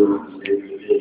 يضلل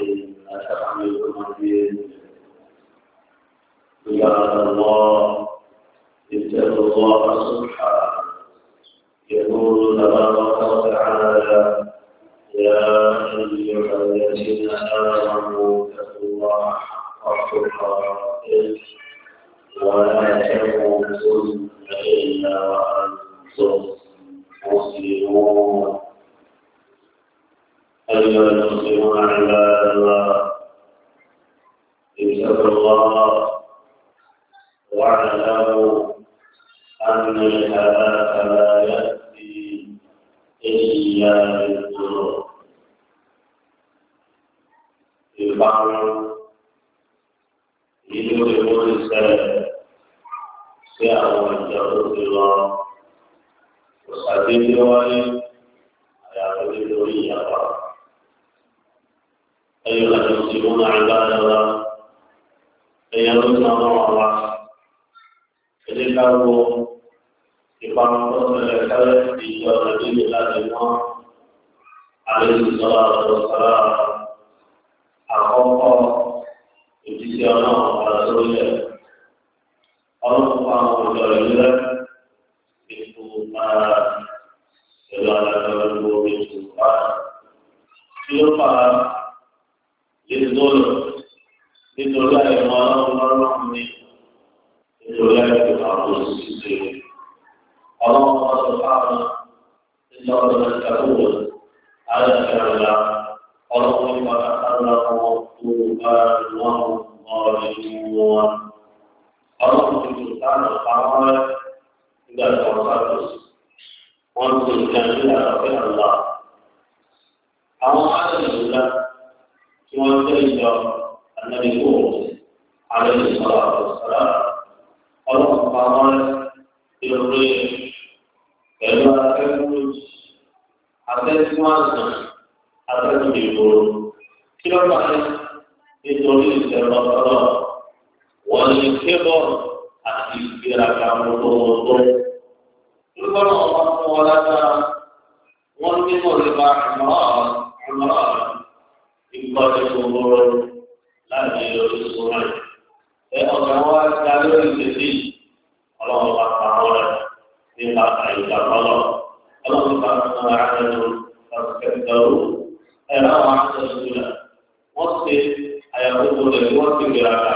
الرحيم الحمد المجيد عباد الله اتقوا الله سبحانه يقول تبارك وتعالى يا ايها الذين امنوا اتقوا الله حق تقاته ولا تموتن الا وانتم مسلمون أيها المسلمون عباد الله اتقوا الله واعلموا أن الهلاك لا يأتي إلا بالذنوب يفعل يدركون السلام سعوا أن الله وصحبه وعليه أيها المسلمون عباد الله أيامنا الله فلنقروا إقامة الحياة في النبي الله عليه الصلاة والسلام أخوة إبتسامة رسوله الله سبحانه وتعالى Siapa للظلم nítorí àyẹ̀wò ọlọ́run ní nítorí àyẹ̀wò àwọn òṣìṣẹ́ àwọn ọmọ ọdún fáwọn nígbà ọdún ẹ̀ka owó aláìsàrànlá ọlọ́run nípa àtàlà ọmọ tó bá wọn ọ̀rọ̀ ìlú wọn ọlọ́run ti tó sáànà fáwọn rẹ nígbà tó wọn sáàtò wọn tó ìjà nílà àfẹ́ àlá àwọn aláìsàrànlá. tí wọ́n tẹ̀lé lọ ànábi kò àlẹ́ ìsọ̀rọ̀ àtọ̀sọ̀rọ̀ ọlọ́run pa wọ́n lórí pẹ̀lú akẹ́kọ̀ọ́ akẹ́kọ̀ọ́ àgbọ̀n akẹ́kọ̀ọ́ ìgboro kí ló bá yẹ nítorí ìṣẹ̀lẹ̀ ọ̀rọ̀ wọ́n ní kébọ̀ àti ìgbéraga mọ́tòmọ́tò lókọ́ náà wọ́n fún wọn lágbára wọ́n ní mọ̀lẹ́bà àmọ́ àmọ́ àmọ́ ìgbọ́dọ̀ tó gbọ́rọ̀ láti lórí sọ́rọ̀ ẹ̀ ọ̀gá wa ta lórí tètè ọlọ́run bá pa wọn rẹ̀ nípa àyíká fọlọ́ ọlọ́run bá pa wọn rẹ̀ lórí ọ̀sẹ̀kẹ̀dọ̀rọ̀ ẹ̀ láwọn aṣọ ìtura wọ́n ṣe àyàwó rẹ̀ wọ́n ti gbéra ká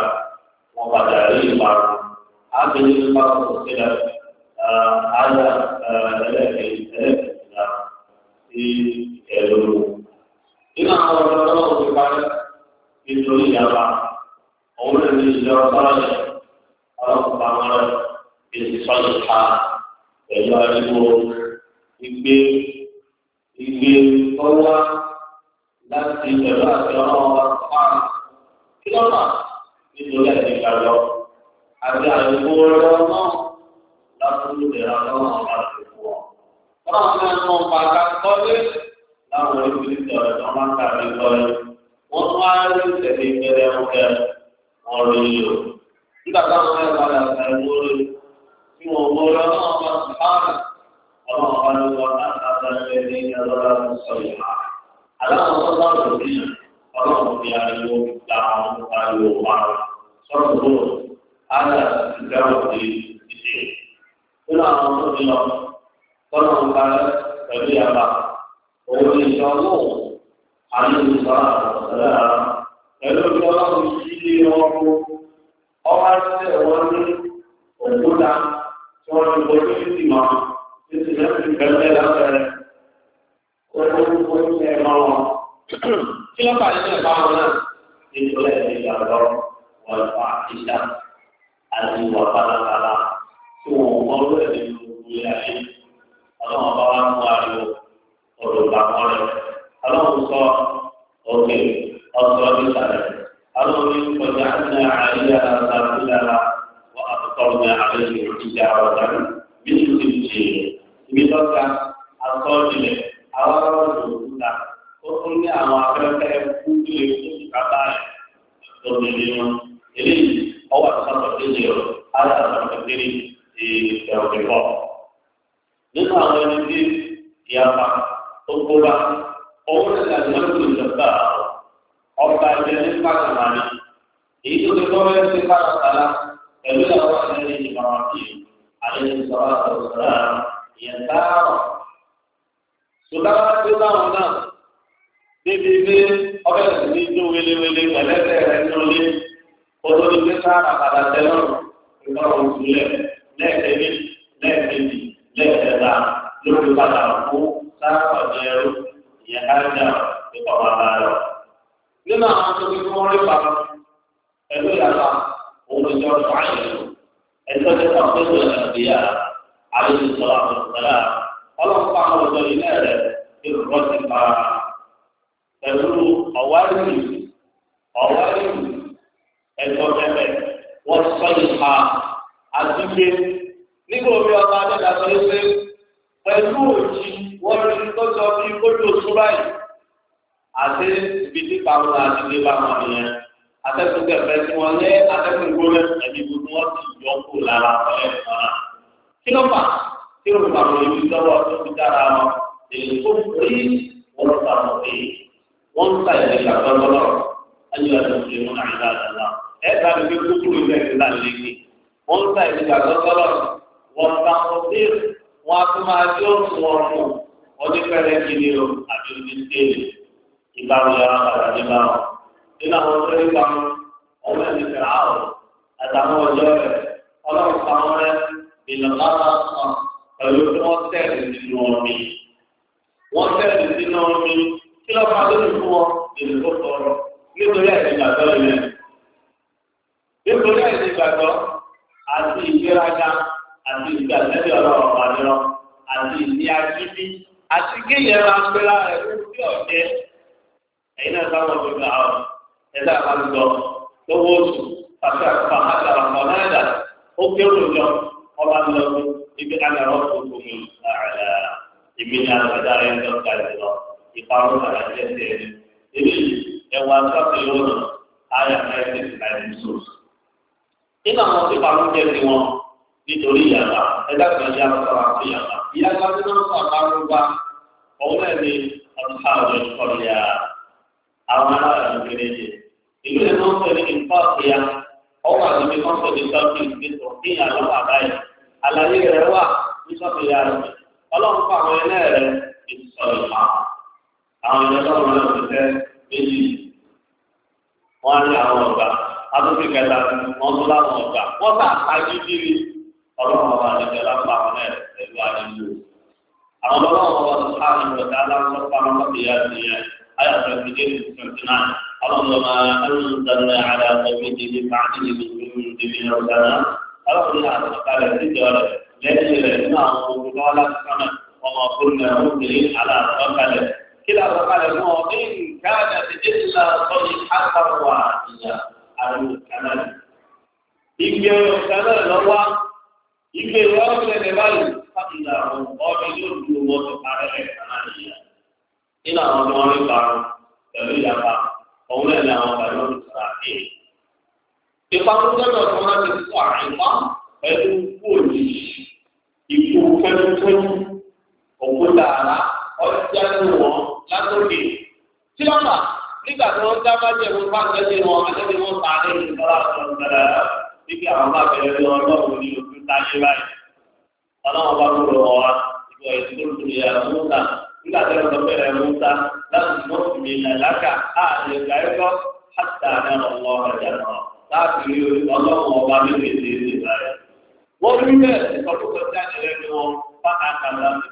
wọ́n padà rí ìparun ábẹ́lẹ́ ìparun kò sílẹ̀ àyà ẹlẹ́ẹ̀kẹ́ ẹlẹ́ẹ̀kẹ́ ìtura sí ẹ̀rọ nínú àwọn ọ̀dọ́ ọlọ́run ti parẹ́ nítorí ìjàmbá òun náà ní ìjọ sọ́ọ̀lẹ̀ ọlọ́run pamọ́ èsì sọ́ọ̀lẹ̀ ta pẹ̀lú ariwo igbe igbe ọwá láti pẹ̀lú àti ọlọ́run wa pàmò kí ló mà nítorí ẹ̀sìn ìgbàgbọ́ àti àìkú ọlọ́run náà látúndì ìrànlọ́wọ́ àwọn àti ìfowó. ọlọ́run náà ń mọ̀ pàtàkì kọ́lé láwọn oríṣiríṣi ọ̀rẹ́ tó máa ń kà mí lọ́rẹ́ wọ́n tún á rí ìṣẹ̀lẹ̀ ìṣẹ̀lẹ̀ ọ̀kẹ́ ọ̀rọ̀ yìí nígbà táwọn ẹ̀ padà sàn ìwúrí tí wọ́n mọ ọlọ́run ọba sùpáàlì ọlọ́run ọba ló wà láti àtàlẹ́ ní ìyàlọ́lá tó sọ ìhà. aláwọ̀ tó bá lò ní ọlọ́run fi ariwo gba àwọn ariwo wa sọ́dọ̀ tó àdà di ìdíje. nínú àwọn tó ti lọ òun ìjọ náà àlùfà ọ̀sẹ̀lá ẹ̀rọ ìjọ náà yí ilé ọkọ̀ ọba ṣẹ̀ wọ́n ní òkúta tí wọ́n ti bọ́ sí ti mọ́ títí náà ti bẹ̀rẹ̀ lábẹ́rẹ́ olórúkọ ní ẹ̀ máa wọn. kí ló bá yẹn bá wọn náà nítorí ẹ̀mí ìyàwó wọn fà ìṣá àti ìwà bàlàbàlà tí wọn mọ lórí ẹ̀mí ìlú ilé ayé ọlọ́run bá wà ń mú ariwo ọ̀dọ̀gba ọ̀rẹ́ alọ́run sọ òkè ọ̀sọ̀ nísàlẹ̀ alọ́run kọjá ní àyè àtàkùnlára wà àtúntò ní àlẹ́ ìjà ọ̀dà bí ní ti jì ibi lọ́ka asọ́ọ̀dìlẹ̀ àwọn ọ̀dọ̀ òkúta ó tún ní àwọn afẹ́fẹ́ kúndùlé fún bàbá rẹ̀ lóbìnrin wọn eléyìí ọwọ́ àtúntò kéde ọ̀ alàtúntò kéde ìfẹ́ òkè pọ̀ nínú àwọn ẹni tí ìyá pa gbogbo wa òun ní ìlànà ìjọba ọba ìjẹni pàtàkì èyí tó ti kọ́ fẹ́ẹ́ ṣe pàtàkì pẹ̀lú àwọn ẹni ìmọ̀ràn bíi àlejò sọ̀rọ̀ àtọ̀sọ̀rọ̀ ìyẹn dáhùn. ṣùgbọ́n tí ó dáhùn náà débi pé ọbẹ̀ sì ní jó welewele pẹ̀lẹ́sẹ̀ rẹ̀ nílé olórí pé sáà padà tẹ́lọ̀ ìgbọ́rọ̀ òṣùlẹ̀ lẹ́ẹ̀kẹ́bí lẹ́ẹ̀kẹ́bí lẹ́ẹ̀kẹ́ta lórí padà fún sáàpà jẹrú ìyẹn ájà nípa bàbá rẹ̀. nínú àwọn tó ní kí wọ́n rí pa ẹ̀lú ìyàrá òun ìjọ ọ̀sán àyẹ̀wò ẹ̀tọ́ tó kàn fún ìwé ìgbéyà àlejò sọ̀rọ̀ àtọ̀sọ̀rọ̀ ọlọ́pàá àwọn ọ̀dọ́ ilé rẹ̀ ti rọ́ ti pa pẹ̀lú ọ̀wárìrì ọ̀wárìrì ẹ̀tọ́ tẹ́lẹ̀ wọ́n sọ ìpa àtúnṣe nígbà omi ọba adéjà sọ pé pẹ̀lú òjì lórí oṣù báyìí àti ibi tí pàmò àti ilé bá wọn nìyẹn atẹ́kùn kẹfẹ́ tí wọ́n lé atẹ́kùn gbólẹ̀ ẹ̀mí gbogbo wọn ti yọ kó lára ọ̀lẹ́ ìfọ̀nà. kí ló fà kí ló fà wọ́n ibi lọ́wọ́ tó fi dára wọn èyí tó rí wọn fà wọ́n pé wọ́n ń ta ìdè ìgbàgbọ́lọ́ ayélujára tó fi wọn àyíká àdàlà ẹ̀ bá mi gbé kúkúrú ilé ìlú lálẹ́ wọ́n ń ta ìdè ìgbàgbọ́lọ́ wọ́n ta wọ́n pé wọ́n á tún máa yọ onífẹ̀rẹ̀ kiri o àti oníṣẹ́lẹ̀ ìbáwò yàrá padà níbà o nínú àwọn tó ní kan ọmọ ẹni fẹ́ àwọ̀ àtàwọn ọjọ́ rẹ̀ ọlọ́run pàwọn rẹ̀ ìlànà kan pẹ̀lú tí wọ́n tẹ̀lé nínú omi wọ́n tẹ̀lé nínú omi kí lọ́ọ́ máa lóyún fún wọn lèmi tó tọrọ nítorí ẹ̀sìn ìgbàgbọ́ ilẹ̀ nítorí ẹ̀sìn ìgbàgbọ́ àti ìgbéraga àti ìgbàgbẹ́lẹ̀ àti ìní àti kéèyàn ra pẹ́lá rẹ̀ fún bí ọ̀jẹ́ ẹ̀yin náà sáwọn gbogbo àwọn ẹ̀dá àbálùjọ lówó oṣù àti àkùkọ àkàrà kọ̀ọ̀nàdà ó ké olùjọ ọba lọ ibi àgàrà ọ̀gbọ̀gbọ̀ mi àrà èmi ní àgbàdá rẹ̀ lọ ga jùlọ ìparun àrà jẹ́ tẹ̀lé èmi ẹ̀wà sọ́ọ̀tì lónà àyà ẹ̀sìn láì ní sọ́ọ̀sì. nígbà wọn ti parun jẹ́ tiwọn nítorí ìyàtà ẹ̀dá ìyá gbàgbé náà sọ àbárúgba òun náà ni ọ̀tá àwọn ìkọlẹ̀ àwọn aláàbò méjèèjì ìlú ẹ̀ náà sọ ní ìfọ́ọ̀sì ya ọwọ́ àdúgbò kan sọ ní sọ́ọ̀tì ìgbésọ̀ ní ìyàlọ́ àbáyé àlàyé rẹ̀ wà ní sọ́ọ̀tì ya rẹ̀ ọlọ́run fún àwọn ẹlẹ́ rẹ̀ ní sọ̀rọ̀ ìfà àwọn ìjọba wọn lọ sí fẹ́ méjì ọlọ́run ọba àlejò lápá àwọn ẹ̀ pẹ̀lú àdéhùn. àwọn ọlọ́run ọba tó ká àwọn ọ̀dà aláwọ̀ pàmò ìyá ti yẹ ayọ̀ twenty eight to twenty lọ́wọ́ ìgbè wọn ṣẹlẹ̀ báyìí káàkiri àwọn ọdún yóò dúró wọn tó parẹ́ rẹ̀ kànáàlìyà nínú àwọn ọmọ rẹ̀ parọ́ pẹ̀lú ìyàpá òun náà ní àwọn ọmọ yóò sọ̀rọ̀ àti. ìpamọ́sọ́dọ̀ tó máa ti kó àìpá pẹ̀lú kóòlì ìkó pẹ́lúpẹ́lú òkúta àlá ọjà tó wọn látòkè. tí wọ́n bá nígbà tí wọ́n dá bá jẹ́ wọn wọn àtẹ́lẹ̀ wọn pàdé ìṣọ́lá níbi àwọn bá bẹ̀rẹ̀ lọ ọlọ́run ní ojú táyé báyìí ọlọ́run bá kúrò ọ̀wá ìgbọ̀ ẹ̀sìn tó lè yà lóńtà nígbà tí wọ́n bẹ̀rẹ̀ lóńtà láti mọ́ ìmìnira lákà ààrẹ gbàgbọ́ àti àná ọ̀wọ́ ọ̀jà náà láti rí ọlọ́run ọba níbi ìdílé ìbáyẹ̀. wọ́n rí bẹ́ẹ̀ ìsọdúnkọ jáde lẹ́nu wọn bá àkàlà nínú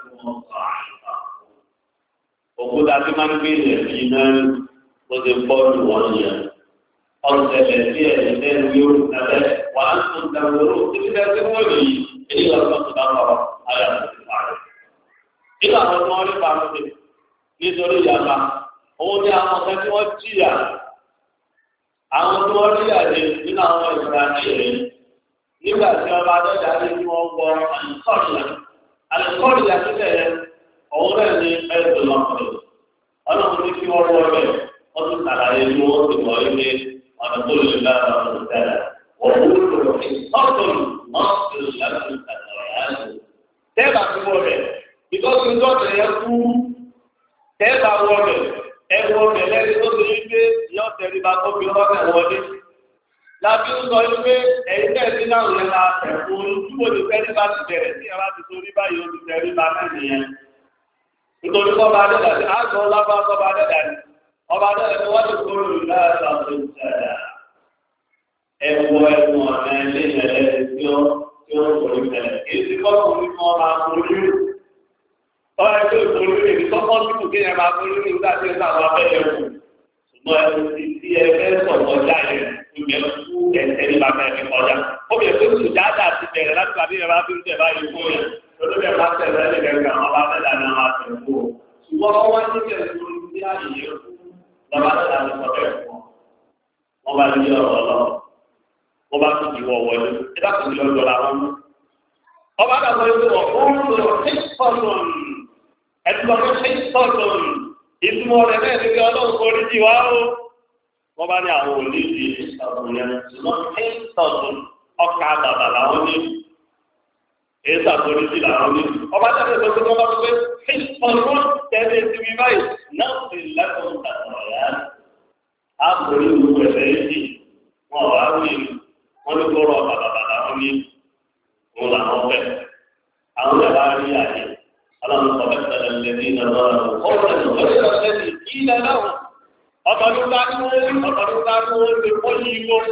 ọ̀sẹ̀lẹ̀ sí ẹ̀yìn lẹ́nu yóò tẹ̀lé wà á tún dàgbòrò títí dàgbé wọ́n lè yí èyí wà tó tó dáná ọ̀rọ̀ ayé àti ìparí. nígbà tó tún wọn rí pàmò sí nítorí ìyàgbá òun ní àwọn ọ̀sẹ̀ tí wọ́n jìyà àwọn tí wọ́n rí àjẹ nínú àwọn ìgbà ayẹyẹ nígbà tí wọ́n bá dọ́jà lé tí wọ́n gbọ́ àlùkọ́rìyà àlùkọ́rìyà títẹ̀ yẹn أقول لله ربنا وقولوا حصة نصر لكم خطاياكم tẹ́ẹ̀bà tó wọ rẹ̀ ìtọ́sí dọ́tẹ̀ yẹ kú tẹ́ẹ̀bà wọ rẹ̀ ẹ̀wọ̀ rẹ̀ lẹ́ni tó ti wípé yọ tẹ̀ríba tó fi rọ́ọ̀tẹ̀ wọlé lábí ń sọ wípé ẹ̀yin tẹ̀sí náà yẹn la tẹ̀kú ojúbò ní tẹ̀ríba ti bẹ̀rẹ̀ sí ẹ̀rá ti torí báyìí ó ti tẹ̀ríba náà nìyẹn nítorí kọ́ bá dẹ́dà sí àgọ́ lábá kọ́ bá dẹ́dà nìyẹn ọba náà ni wọ́n ti kúrò láàrín àwọn ìṣẹ̀dá ẹ̀wọ̀ ẹ̀wọ̀n ọ̀nà ilé ìṣẹ̀lẹ̀ tí ó tí ó ní tẹ̀lé. Èsì kọ́kọ́ ní wọ́n máa fojú. Ọ̀rẹ́ tó fojú ní èsì kọ́kọ́ dúdú kí ẹ máa fojú ní ìgbà tí ó sàmọ́ abẹ́yẹ kù. Ṣùgbọ́n ẹ̀sìn ti ti ẹgbẹ́ sọ̀tọ̀ jáde ìgbẹ́ kú ẹ̀sẹ̀ ní bàbá ẹ̀mí kọjá lọ́ba tó dáa fún ọ wọ́n bá lójú ọ̀rọ̀ ọlọ́run wọ́n bá tún ìwọ̀ wọlé ẹ bá tún ìlú ọjọ́ la ọba dàgbà yóò wọ oòrùn lọ sí pọ̀tùn ẹ̀dùn lọ sí pọ̀tùn ìtumọ̀ rẹ̀ bẹ́ẹ̀ ni bí ọlọ́run kò rí jìwá o. wọ́n bá ní àwọn òní di ìsọ̀tún yẹn ṣùgbọ́n sí pọ̀tùn ọkà bàbà làwọn ní èyí sàkóríjì làwọn ní. ọba dàgbà yóò wọ oòrùn lọ sí pọ̀tùn tẹ̀lé ti wí báyìí. نغفر لكم خطاياكم أقول وسيدي وأعوي ونقرأ بابا ونعوفه أو نباري عليه ألم تبدل الذين ظلموا قولا غير الذي قيل لهم أطلوا لعنهم أطلوا لعنهم بكلهم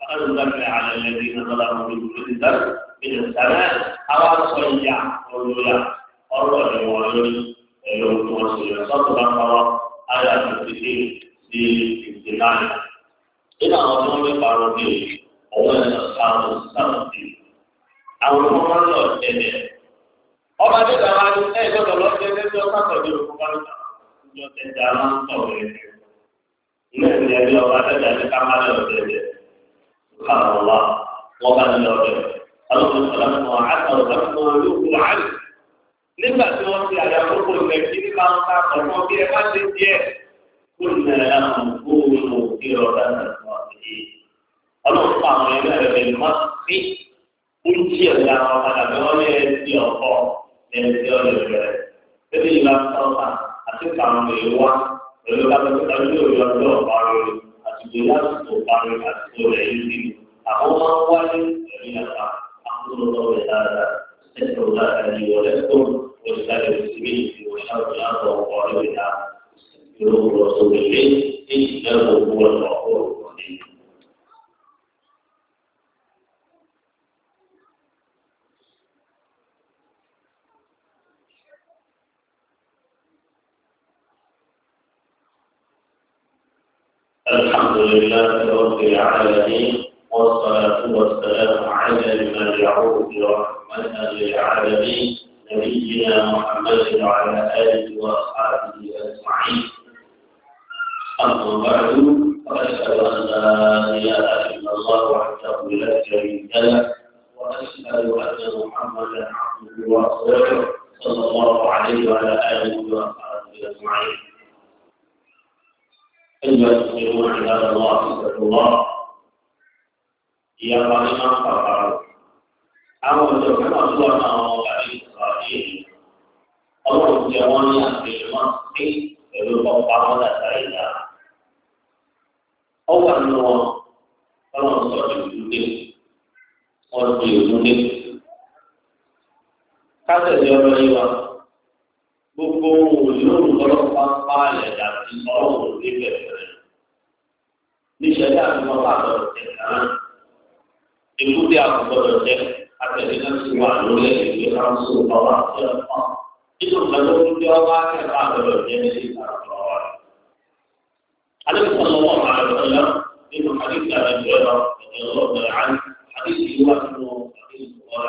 فأنزلنا على الذين ظلموا من كل من السماء أو صيّع قولوا له أرض الوالد ẹ̀rọ tó wọ́n ṣe yọ sọ́tọ̀ bá parọ́ ayé sí nínú àwọn tí wọ́n fi parọ́ bí sí àwọn ọmọ wọn lọ ọba ní nígbà tí wọ́n ti àyàwó kò lẹ̀ kí ní máa ń ta ọ̀pọ̀ bí ẹ bá ṣe díẹ̀ kó lè ra gbogbo òkè ọ̀dà náà sí i. ọlọ́run fún àwọn ẹgbẹ́ rẹ̀ lè má sí oúnjẹ ẹ̀dá àwọn padà wọ́n lé ẹtì ọ̀pọ̀ ẹtì ọ̀lẹ̀ rẹ̀. bẹ́ẹ̀ ni ìlànà sọ́ọ̀tà àti kàwọn èèyàn wá pẹ̀lú kápẹ́tà ní òye ọjọ́ ọ̀parun àtìgbè lásìkò ọ̀parun àtìgbè أسأل الله لي ولكم ولسائر المسلمين في إنه هو الغفور الرحيم الحمد لله رب العالمين العالمين نبينا محمد وعلى آله وأصحابه أجمعين أما بعد فأشهد أن لا إله إلا الله وحده لا شريك له وأشهد أن محمدا عبده ورسوله صلى الله عليه وعلى آله وأصحابه أجمعين أيها المسلمون عباد الله اتقوا الله يا ظالما فقالوا àwọn ọ̀dọ́ mẹ́fà tó wà náà wọn wà ní ìsọ̀rọ̀ yìí ọlọ́run jẹ wọ́n ní àgbèrè pé pẹ̀lú ọ̀pá wọn làtà ìyá. ọwọ́ àánú wọn ọlọ́run sọ ìlú dé wọ́n fi ìlú dé. kásẹ̀lẹ̀ ọ̀rọ̀ yìí wa gbogbo òyìnbó ọlọ́pàá ń pa àlẹ̀ dàbí ọlọ́run ní bẹ̀rẹ̀. níṣẹ́ bí àtúntò bá lọ sí náà ìlú dé àkùkọ lọ jẹ́ àtẹ̀lé ti wà lórí ẹ̀jẹ̀ náà ọwọ́ àti ọ̀pọ̀ nínú ìgbàlódé tí wọ́n wá kẹfà àbẹ̀rẹ̀ ọ̀jẹ̀ ní ìgbàlódé wọn. alẹ́sọ̀rọ̀ wọn máa lọ ọ̀la nínú àdìsí àdìsí ọ̀la ẹ̀jẹ̀ ọlọ́ọ̀bẹ̀rẹ̀ àti àdìsí wà nínú àdìsí ọ̀la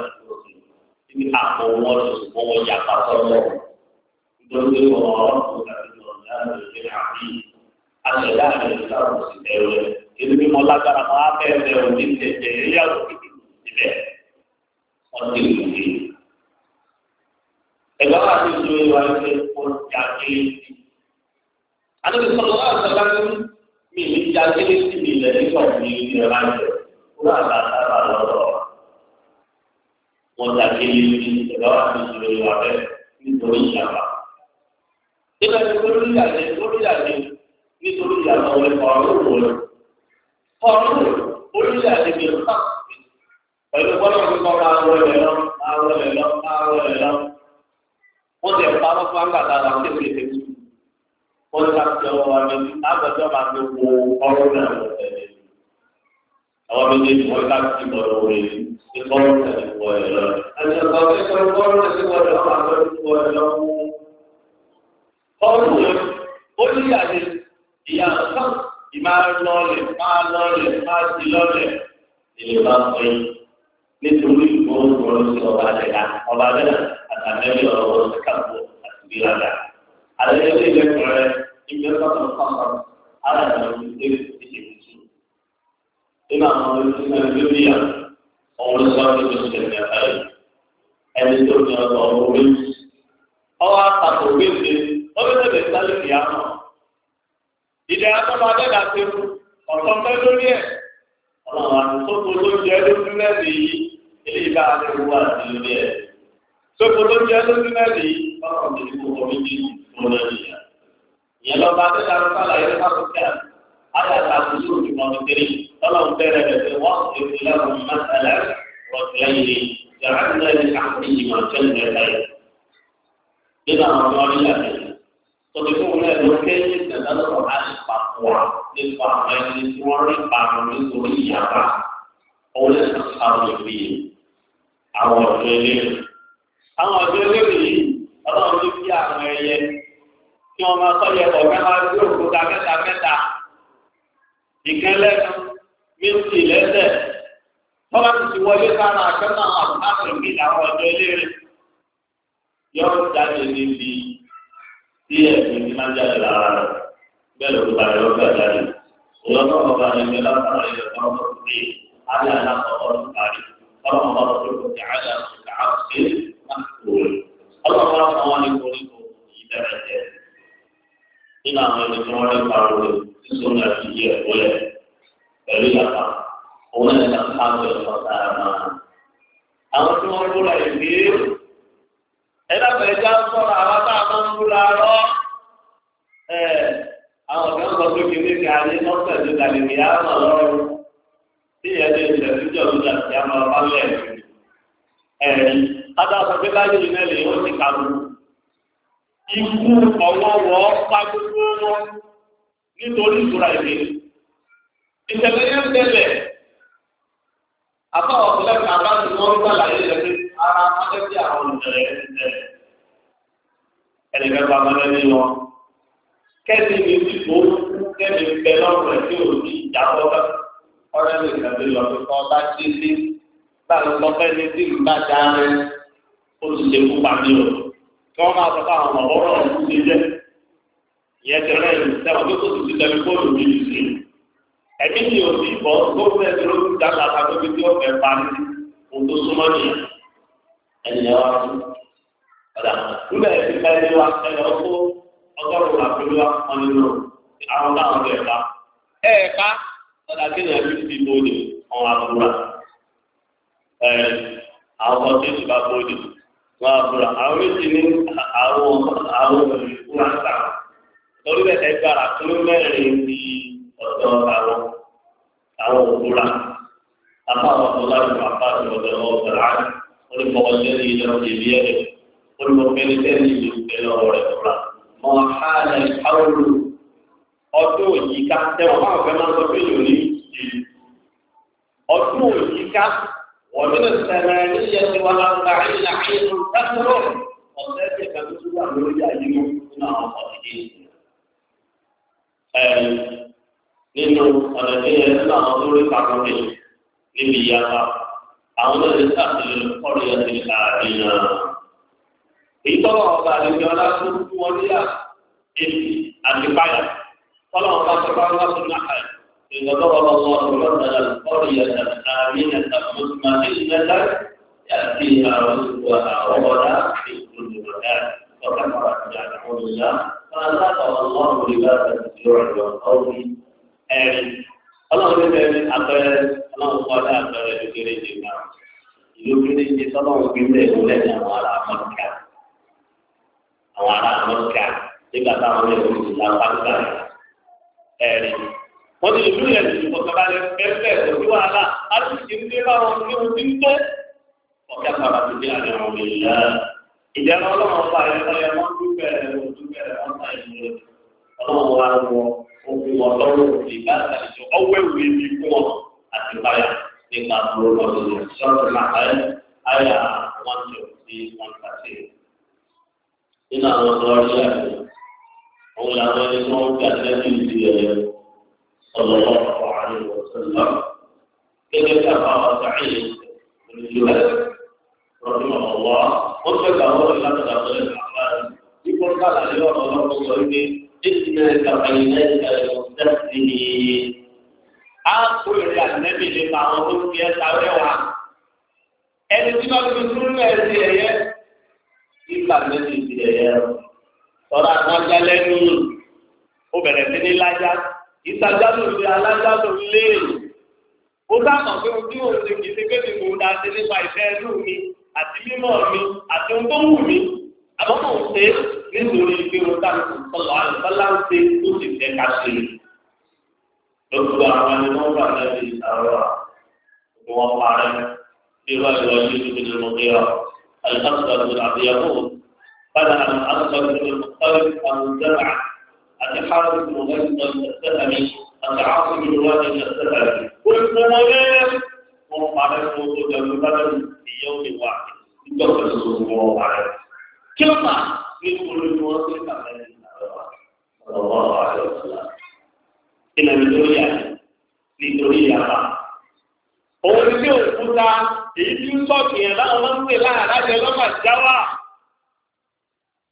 níbi àpò wọn lọ sí wọn yà pàtó lọ. wọn ọ̀rọ̀ àti ọ̀la ọtí ìwé. Ẹ̀gbọ́n wa ti ju ìwà ìwé ọjà kéèké. Adébí sọ̀rọ̀ wá sọ̀rọ̀ láti mi ní ìjà kéèké mi lẹ̀ nígbà tí ìwé ọ̀la jẹ. Wúrà àtàtà bá lọ́rọ̀. Wọ́n jà kéèké ẹ̀gbọ́n wa ti ju ìwà bẹ́ẹ̀ nítorí ìjàmbá. Nígbà tí olórí àjẹ olórí àjẹ nítorí ìjàmbá wọlé ọ̀rọ̀ wọlé. Ọ̀rọ̀ wọlé olórí àjẹ bẹ̀rẹ̀ náà pẹ̀lú gbọ́dọ̀ tó kọ́ máa lọ máa wọlé lọ máa wọlé lọ. wọ́n ti ẹ̀fọ́ àwọn fún àgbàdo àwọn tó ti tẹ̀sí. wọ́n ti máa tẹ ọwọ́ mi lágbàdo máa tó wo ọrùn náà lọ tẹ̀lé. àwọn méjèèjì wọ́n ká ti bọ̀ lọ́wọ́ rẹ̀ ní bọ́ọ̀lù tẹ̀lé lọ. àti ọ̀gá ọ̀gá bọ́ọ̀lù tẹ̀lé wọlé lọ máa wọ́n ti ọba àtẹ̀dá ọba bẹ́ẹ̀ àtàmẹ́lì ọ̀rọ̀ wọn ti kàpọ̀ àti bí ládà. Àlejò ilé ìgbẹ́kùn rẹ̀ ìgbẹ́ sọ́kàn sọ́kàn ara ìlú ilé ìṣe ìṣú. Nínú àwọn olùsílẹ̀ Lóríyà, ọ̀hún ló sọ́ọ́ nínú ìṣẹ̀lẹ̀ ẹ̀fẹ́ ẹni tó ní ọ̀dọ̀ ọ̀rọ̀ wíńsì. Ọwọ́ àtàkù wíńsì, ó bẹ̀rẹ̀ lè sáré ìyá náà. Ìdẹ̀ra tó máa dẹ́gbà sí ọ̀tọ̀ fẹ́ lórí ẹ̀. Ọlọ́run àti tó tó lóúnjẹ lójú lẹ́sìn yìí. 这一家就五万，对不对？所以很多钱都应该你，包括你父母、民警、所有的呀。你们把这家卡拉 OK 的钱，还有那旅游的管理人员，卡拉 OK 的这些伙计，还有我们那老板，我这里，将近呢将近二万张底细。这张我再确认，我总共呢每天就差不多开两百块，两百块、两百块、两百块，做了一年半，好几十万人民币。àwọn ọ̀dọ́ eléyìí àwọn ọ̀dọ́ eléyìí ọlọ́run ló fi àwọn ẹyẹ kí wọ́n máa sọ yẹ ọ̀gá máa gbé òkúta mẹ́ta mẹ́ta ìkẹ́lẹ́nu méjì lẹ́sẹ̀ tọ́lá ti ti wọlé sára àkẹ́nà àbúrò mi làwọn ọ̀dọ́ eléyìí yọ jáde níbi tí ẹ̀sìn ti máa jáde lára rẹ̀ bẹ́ẹ̀ lóòótọ́ àti ọgbà jáde ìyọ́nà ọba ẹgbẹ́ lábàárẹ̀ ọ̀dọ́ قال الله سبحانه وتعالى متعصب مكتول الله سبحانه وتعالى يقول إذا أتى إلى أن يجمع الفاروق سنة هي ولا فليها هنا نتحدث الفصاحة àwọn tí wọn lóra ìgbé ẹlẹ́fẹ̀ẹ́jà ń sọ̀rọ̀ àwọn tá a máa ń lóra lọ. àwọn kan sọ pé kìnìún kí a ní lọ́sẹ̀ tó kàlẹ́ ní àwọn ọlọ́run ní ìṣẹ̀lẹ̀ fíjọ́ ìjà sí àmọ́ ọba lẹ̀ ẹ̀rí adáṣọ pé láyé ilé lè ó ti kà lù. Ikú ọ̀wọ́wọ́ pa gbogbo wọn nítorí ìtura ìwé. Ìṣẹ̀lẹ̀ yẹn tẹ̀lẹ̀ àbáwọ̀ ọ̀pọ̀lọpọ̀ ní abá ti wọ́n gbà láyé rẹ̀ pé ara akẹ́kẹ́ àwọn olùdarí ti tẹ̀lẹ̀. Ẹnì kẹfà máa lẹ́nu wọn. Kẹ́sì ni ìdìbò kẹ́sì ń bẹ lọ́rùn rẹ̀ tí ò ní ìjà ọ̀rẹ́ lè tẹ̀lé lọ sí kọ́ bá dé sí bá lọ sọ fẹ́ ní tí n bá dá rẹ ó ti lè kópa mi o kí wọ́n máa sọ fún àwọn ọmọ ọ̀rọ̀ ọ̀hún ṣe jẹ́ ìyẹn ti rẹ̀ sẹ́wọ̀n tó tó ti tẹ̀lé fóònù mi lù sí ẹ̀mí mi ò sì bọ́ gómìnà tí ó ti dá làtà tó fi tí ó fẹ́ pa mí ohun tó súnmọ́ nìyẹn ẹ̀yìn wa fún ọ̀dà nígbà yẹn ti fẹ́ wa ẹ̀yìn ọkọ ọgọ́rùn-ún àfẹ́lẹ́wà kan àwọn táwọn ọ̀dọ́ ẹ̀ka ẹ̀ka ọ̀dà kéèyàn bí ti bóde wọn àbúrà ẹ̀ àwọn ọmọ tó ti bá bóde wọn àbúrà àwọn méjì ní àwọn àwọn ìfúra sá torí ẹgbàrá tó mẹ́rin ní ọ̀dọ̀ àwọn àwọn òkúra àbáwọn ọ̀dọ́lá ìlú àbáwọn ọ̀dọ̀ ọ̀dọ̀lá olùkọ́wọ́sẹ́ni ìjọba ìbí ẹ̀rẹ̀ olùkọ́fẹ́ni sẹ́ni ìlú ọdún òyìnká tẹwọn báwọn fẹẹ máa ń sọ pé yòó ní ìdíje ọdún òyìnká wọn nínú sẹlẹ níyẹ tí wọn lọ gba ìlà ìlú dákúrò ọsẹ tí ẹgbẹ tó tún wà lórí ayé mú nínú àwọn ọmọdé ẹ nínú ọ̀nà tí ẹ nínú àwọn tó rí pàtó mi níbi ìyáfa àwọn náà lè sàtìlẹ kọlu yẹn ti àárín náà èyí tọ́wọ́ ọba àdéjọ́ فلما قصر الله النحل إن ضرب الله مثلا قرية آمنة مطمئنة يأتيها رزقها رغدا في كل مكان فكفرت بأنعم الله فأذاقها الله لباس الجوع والخوف آمن Ọlọ́run ní bẹ́ẹ̀ abẹ́rẹ́ ọlọ́run fún ọdẹ abẹ́rẹ́ ló kéré jù náà. Ìlú kéré jù sọ́lọ́run fi lè wọ lẹ́yìn àwọn ará Amọ́ríkà. Àwọn ará Amọ́ríkà nígbà táwọn ẹ̀rọ ìlú lápá ń gbà yẹn. ẹ̀rí. wọ́n ti lùlù yẹn lùlù kọ̀ọ̀kan balẹ̀ pẹ́pẹ́ òjú wàhálà á sì ti ń dé báwọn ní ohun tí ń tó. ọ̀kẹ́ bàbá ti di àlẹ́ ọ̀rọ̀ yìí lá. ìjẹ́nu ọlọ́run ọba yẹn lọ́yẹ wọ́n dúpẹ́ wọ́n dúpẹ́ wọ́n ta ìlú ọlọ́run wa wọ ohun wọn lọ́rùn ìgbà àtàlejò ọwọ́ ìwé mi fún wọn àti báyà nípa àbúrò lọ́dún sọ́ọ̀tún láàárín àyà wọn tó ti wọn kà sí. nínú àwọn ọ̀dọ́ ọ̀rẹ́ òun làwọn ẹni tí wọ́n gbà lẹ́nu ìdí ẹ̀ ọ̀lọ́wọ́ ọ̀hánì ọ̀sẹ̀lá gẹ́gẹ́ bí àwọn àtàkìlẹ̀ olùdíwà rọ̀bí ọ̀wọ́ ó fẹ́ gbà wọ́n lọ́wọ́ láti dàgbọ́ ẹ̀ Ipò kálá ní ọ̀rọ̀ ọlọ́run sọ wípé èsì rẹ̀ kàfà ilẹ̀ ìgbà ìwọ̀n tẹ̀sí ni. A kò rí àtẹ́bí nípa àwọn tó fi ẹ́ sáré wa. Ẹni tí wọ́n fi túnú ẹ̀ sí ẹ̀yẹ. Ìgbà mẹ́sì sí ẹ̀yẹ rẹ̀ sọ̀rọ̀ àtàjà lẹ́nu ó bẹ̀rẹ̀ sí ní lájá ìtajà ló lé alájà ló lé ó dáhùn pé ojú òun ti kì í ṣe pé mi kò dáa sí nípa ìfẹ́ ẹlú mi àti mímọ́ mi àti ohun tó wù mí àmọ́ mò ń ṣe nítorí pé mo dá lóko sọ̀rọ̀ àlùfáà ń ṣe tó sì fẹ́ ká ṣe lóko àwọn ẹni wọn wà lẹ́yìn ìtàrọ̀ àti wọn parẹ́ bí wọ́n ti wọ́n yé ìdílé بدأ من أنصر بن المختلف أبو زرع الحارث بن غزل السلمي العاصم بن كل مريض هم على الموضوع جملة في يوم واحد يدخل الصوم عليه كلما يدخل المواطن على صلى الله عليه وسلم إلى مدرية مدرية òun tí òkúta èyí tí ń sọ̀kì ẹ̀ láwọn ń pè láàárọ̀ àjẹlọ́mà jáwà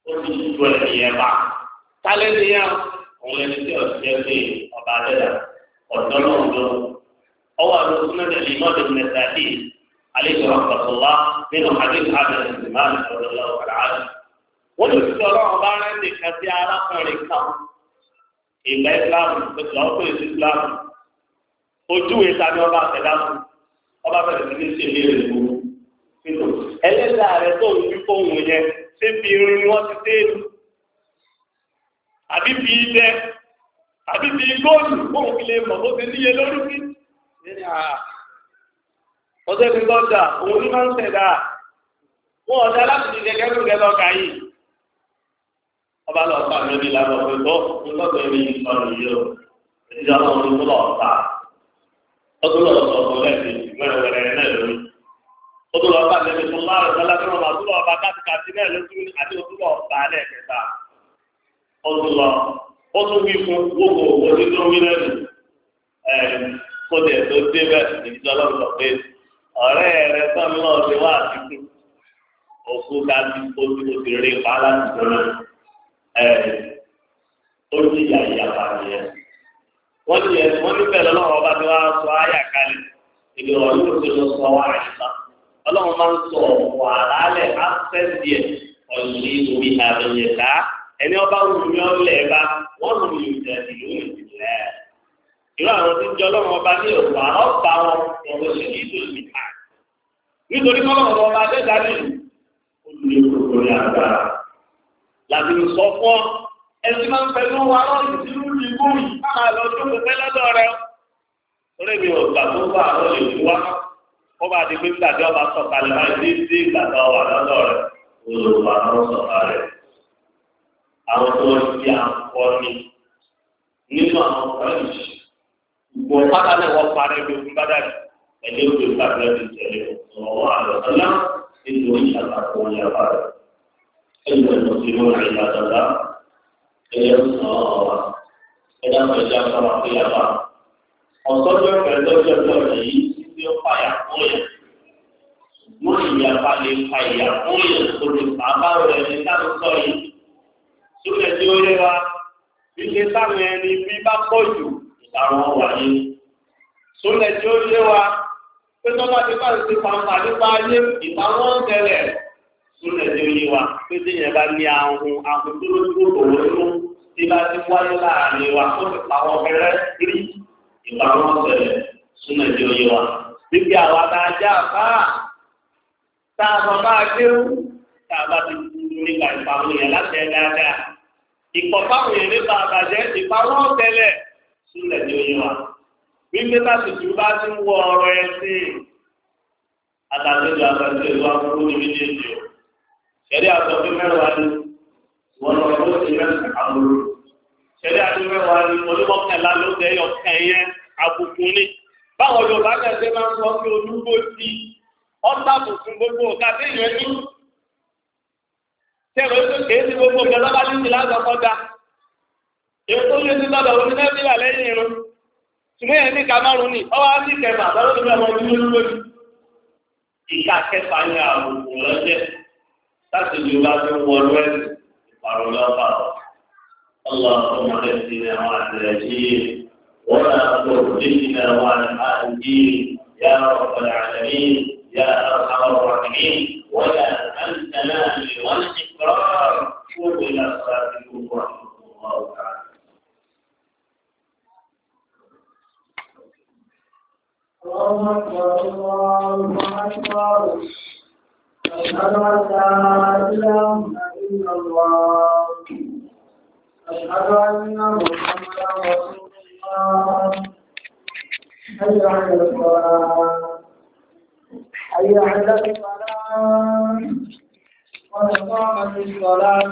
ó ti ju ẹnìyẹn bá kálẹ̀ nìyẹn òun lẹni tí ọ̀sẹ̀ yẹn pé ọba àdẹ́dà ọ̀dọ́ náà lọ ọwọ́ àlọ́ súnmẹ́tẹ̀ lè má lè àlejò àpàtọ́lá nínú àdéhùn àdéhùn ìgbìmọ̀ àdéhùn ọ̀dọ́lá ọ̀kadà àdéhùn. wọ́n lè fi ọlọ́run bá rẹ́ nìkan sí arákùnrin kan ìgbà ìsìlámù lọ́pọ̀ èsì ìsìlámù ojú ìta ni ọba àtẹ̀dáàmù ọba bẹ̀rẹ̀ sí ní ṣèlérí ìlú ẹlẹ́sẹ̀ ààrẹ tó ń bí fóun yẹn ṣé bí irun ni wọ́n ti téèlù àbí bí ilẹ̀ àbí bí góòlù fóun fi lè mọ̀ bó ti níye lórí sí. ọjọ́ ti lọ́jà òun ní máa ń tẹ̀dá wọn ọ̀dà láti ní kẹ̀kẹ́ ló kẹ́ lọ́ka yìí. ọba lọ pa mi ní ìlànà òfin tó ń lọ́gbẹ̀ ìsọ̀rọ̀ yìí o ìdílé ọlọ́run tó lọ́ọ̀ ta ọdún lọ́ọ̀ sọ̀tọ̀ lẹ́sìn odò ọba lẹbi fún márùn sálá tó lọba tó lọba kátikáti náà lójú àti òtúbọ ọba alẹ kẹta odò lọ ó tún wí fún gbogbo òwòdì tó wí lẹnu ẹ kó tó dé bẹ ìdíjọ lọrùn lọ pé ọ̀rẹ́ rẹ sọmi náà ti wá àtìkù òkú káti ojú ojú rẹ pàálà nìkan ẹ ó ìyá pàdé ẹ wọn ti yẹ wọn níbẹ̀ lọ́wọ́ ọba tí wọ́n sọ ayà kalẹ̀ ìgbìmọ̀ yóò ti lọ sọ wá àyíká ọlọ́run máa ń sọ ọ̀pọ̀ àlàálẹ̀ áṣẹ́sì ẹ̀ ọ̀lẹ́ omi àbẹ̀yẹ̀dá ẹni ọba wùmí ọ̀lẹ́ bá wọ́n lù mí ìjẹ̀dì lónìí ìjìnlẹ̀. irú àwọn tí ń jọ ọlọ́run ọba ní òkú àrọ́ bá wọn ọ̀rọ̀ ṣe kí ìlú mi ká. nítorí kọ́lọ́run ọba adẹ́ta ní olùlé kòkòrò yàrá làbí sọ fún ọ ẹni máa ń pẹ̀lú wa lọ́sùn sí lórí ìgbóhùn ó bá di pé nígbà tí ọba sọ̀kalẹ̀ láì dé dé ìgbà tó wà lọ́dọ̀ rẹ̀ olùwà ló sọ̀kalẹ̀. Àwọn tó ń fi àkọni nínú àwọn fẹ́ẹ̀sì ìgbọ̀n pátánà wọ́n parí lókun bá dàbí ẹni ó gbé pàtó ti tẹ̀lé ọ̀wọ́ àlọ́sọ́lá nínú ìṣàkóso ìyàwó rẹ̀. Ẹ̀yìn ọ̀dọ́ ti mú ìrìnàjọ̀dá ẹ̀yẹ ń sọ ọ̀wà ẹ̀dá pẹ̀lú àkọ́wà fúyàwó. Ọ̀sọ́jọ́ pẹ̀lú ọjọ́ tí ó fàyà fún yẹn wọn ìyàpá lè fa ìyà fún yẹn kò rẹ ní sáà sọ yìí sókè tí ó yẹra ilé sáwọn ẹni bí bá pọ̀ jù ìtàwọn wà sókè tí ó yẹra pé tó ti bá ti ti fàǹfà nípa ayé ìtàwọn ń tẹ̀lẹ̀ sókè tí ó yẹra pé tí yẹn bá ní ahun ahun dúró dúró òwò nínú tí bá ti wáyé láàrin wa tó ti pa wọn fẹ́rẹ́ rí ìtàwọn ń tẹ̀lẹ̀ sókè tí ó yẹra. Bíbí àwa bá já àbá tá a bọ̀ bá a kéwú tá a bá ti nípa ìpamọ́ yẹn láti ẹ̀ dáadáa. Ìpọ̀páwọ̀ yẹn nípa àbàjẹ́ ìpamọ́ ọ̀tẹ̀lẹ̀ sílẹ̀ ní oyè wa. Bíbí bá ti tù bá ti ń wọ ọ̀rọ̀ ẹ̀ sí i. Àtàlejò àtàlejò ìlú akúrú ní méjèèjì o. Ṣẹ̀rí àtọ̀ mẹ́wàá ni wọ́n lọ fún ìrẹsì àbúrò. Ṣẹ̀rí àtọ̀ mẹ́wàá ni onímọ̀kànlá ló dẹ́yọ̀ kẹ́yẹ àbùkù ní báwo ló bá tẹ̀sẹ̀ máa ń sọ pé olúgbó ti ọ́tà kò fún gbogbo ọ̀ka tí ìyẹn ní. Tẹ̀rọ tó kéé sí gbogbo ọ̀gá lọ́ba ní ìlà àgbàkọ́gà. Èyí tó yé sí lọ́dọ̀ òní náà nílà lẹ́yìn irun. Ṣùgbọ́n yẹn ní ká márùn-ún ni, ọwọ́ á sì kẹfà lọ́dọ̀ tó bẹ̀rẹ̀ ọmọ ọdún lórí lórí. Ìka kẹfà ni àbùkù lọ́jẹ́ láti lè wá tó wọlú ẹ̀sìn ìpàrọ̀ lọ́pàá. Ọlọ́run ọmọdé ti ní àwọn àtìlẹ́yìn ولا تخزنا وعن الدين يا رب العالمين يا ارحم الراحمين ولا انت نامي والاكرام قوم الى صلاتكم ورحمه الله تعالى اللهم اكبر الله اكبر اشهد ان لا اله الا الله اشهد ان محمدا رسول حي على الصلاة حي على الصلاة قد قامت الصلاة